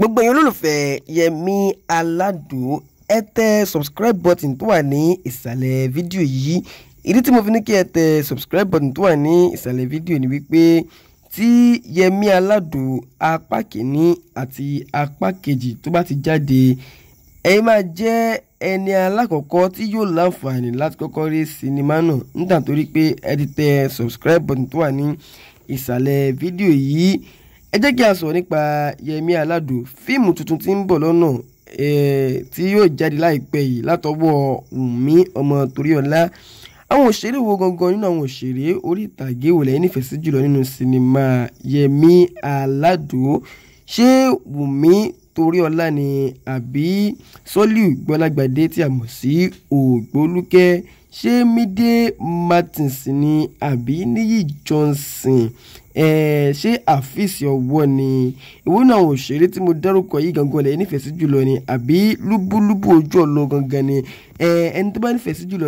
gbogbo ẹ̀yin olólùfẹ́ Yẹmí Aládò ẹ tẹ subscribe button tó wà ní ìsàlẹ̀ fídíò yìí ìdí tí mo fi ní kí ẹ tẹ subscribe button tó wà ní ìsàlẹ̀ fídíò ni wípé tí Yẹmí Aládò apá kìíní àti apá kejì tó bá ti jáde ẹ máa jẹ́ ẹni alákọ̀ọ́kọ́ tí yóò láǹfààní láti kọ́kọ́ rí sinimá náà nígbà torí pé ẹ ti tẹ subscribe button tó wà ní ìsàlẹ̀ fídíò yìí ẹ jẹ́ kí a sọ̀rọ̀ nípa Yẹmí Aládò fíìmù tuntun tí ń bọ̀ lọ́nà tí yóò jáde láìpẹ́ yìí látọwọ́ Wùmí ọmọ Toríọlá àwọn òṣèré wo gangan nínú àwọn òṣèré orí ìtàgé wò lẹ́yìn nífẹ̀ẹ́ sí jùlọ nínú sinimá Yẹmí Aládò ṣé Wùmí Toríọlá ni àbí Sọ́líù Gbọ́lágbadé tí a mọ̀ sí Ògbólúkẹ́ ṣé Mide Martins ni àbí Níyì Johnson ṣé àfíìsì ọwọ́ ni ìwọ náà àwọn òṣèré tí mo dárúkọ yìí gangan lẹ̀ nífẹ̀ẹ́ sí jùlọ ni àbí lúbúlúbú ojú ọ̀lọ́ gangan ni ẹni tó bá nífẹ̀ẹ́ sí jùlọ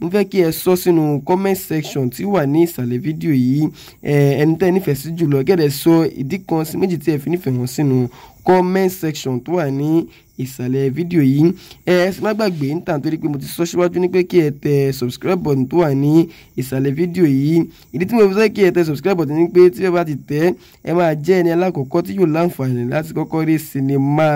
mo fẹ́ kí ẹ sọ sínú comment section tí wà ní ìsàlẹ̀ fídíò yìí ẹni tẹ́ nífẹ̀ẹ́ sí jùlọ gẹ́gẹ́ sọ ìdí kan sí méjì tí ẹ fi nífẹ̀ẹ́ wọn sínú comment section tó wà ní ìsàlẹ̀ fídíò yìí ẹ má gbàgbé ń tàn torí pé mo ti sọ síwájú ní pé kí ẹ tẹ subscribe button tó wà ní ìsàlẹ̀ fídíò yìí ìdí tí mo fi sọ kí ẹ tẹ subscribe button ni pé tí ẹ bá ti tẹ ẹ máa jẹ́ ẹni alákọ̀ọ́kọ́ tí yóò láǹfààní láti kọ́kọ́ rí sinimá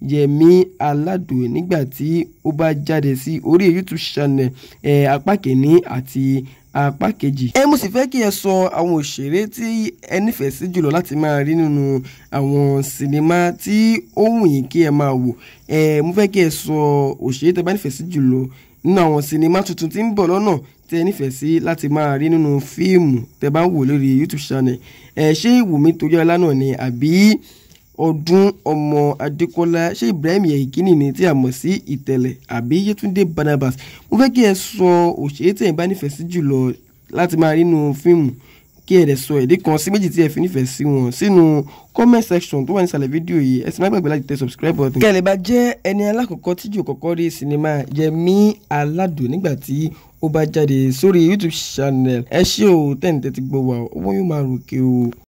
yẹmi aládò nígbà tí ó bá jáde sí orí youtube channel ẹ apá kìíní àti apá kejì. ẹ mo sì fẹ́ kí ẹ sọ àwọn òṣèré tí ẹ nífẹ̀ẹ́ sí jùlọ láti máa rí nínú àwọn sinimá tí ó wù yín kí ẹ máa wò ẹ mo fẹ́ kí ẹ sọ òṣèré tẹ́ bá nífẹ̀ẹ́ sí jùlọ nínú àwọn sinimá tuntun tí ń bọ̀ lọ́nà tí ẹ nífẹ̀ẹ́ sí láti máa rí nínú fíìmù tẹ́ bá ń wò lórí youtube channel ẹ ṣé Wùmí Toríọlá náà ni àbí ọdún ọmọ adékọ́lá ṣé ibrahim yẹ̀yìkínì ni tí a mọ̀ sí ìtẹ̀lẹ̀ àbí yétúndé barnabas mo fẹ́ kí ẹ sọ òṣèré tẹ̀yìn bá nífẹ̀ẹ́ sí jùlọ láti máa rí fíìmù kí ẹ dẹ̀ sọ èdè kan sí méjì tí ẹ fi nífẹ̀ẹ́ sí wọn sínú comment section tó wà nísàlẹ̀ fídíò yìí ẹ sì má gbàgbé láti tẹ subscribe button. kẹ́lẹ́ bá jẹ́ ẹni alákọ̀ọ́kọ́ tí jù kọ́kọ́ rí sinimá Yẹmí Aládùn nígbà tí ó bá jáde sórí YouTube channel ẹ ṣé o tẹ́ǹtẹ́ ti gbọ́ wa owó yóò máa ròkè o.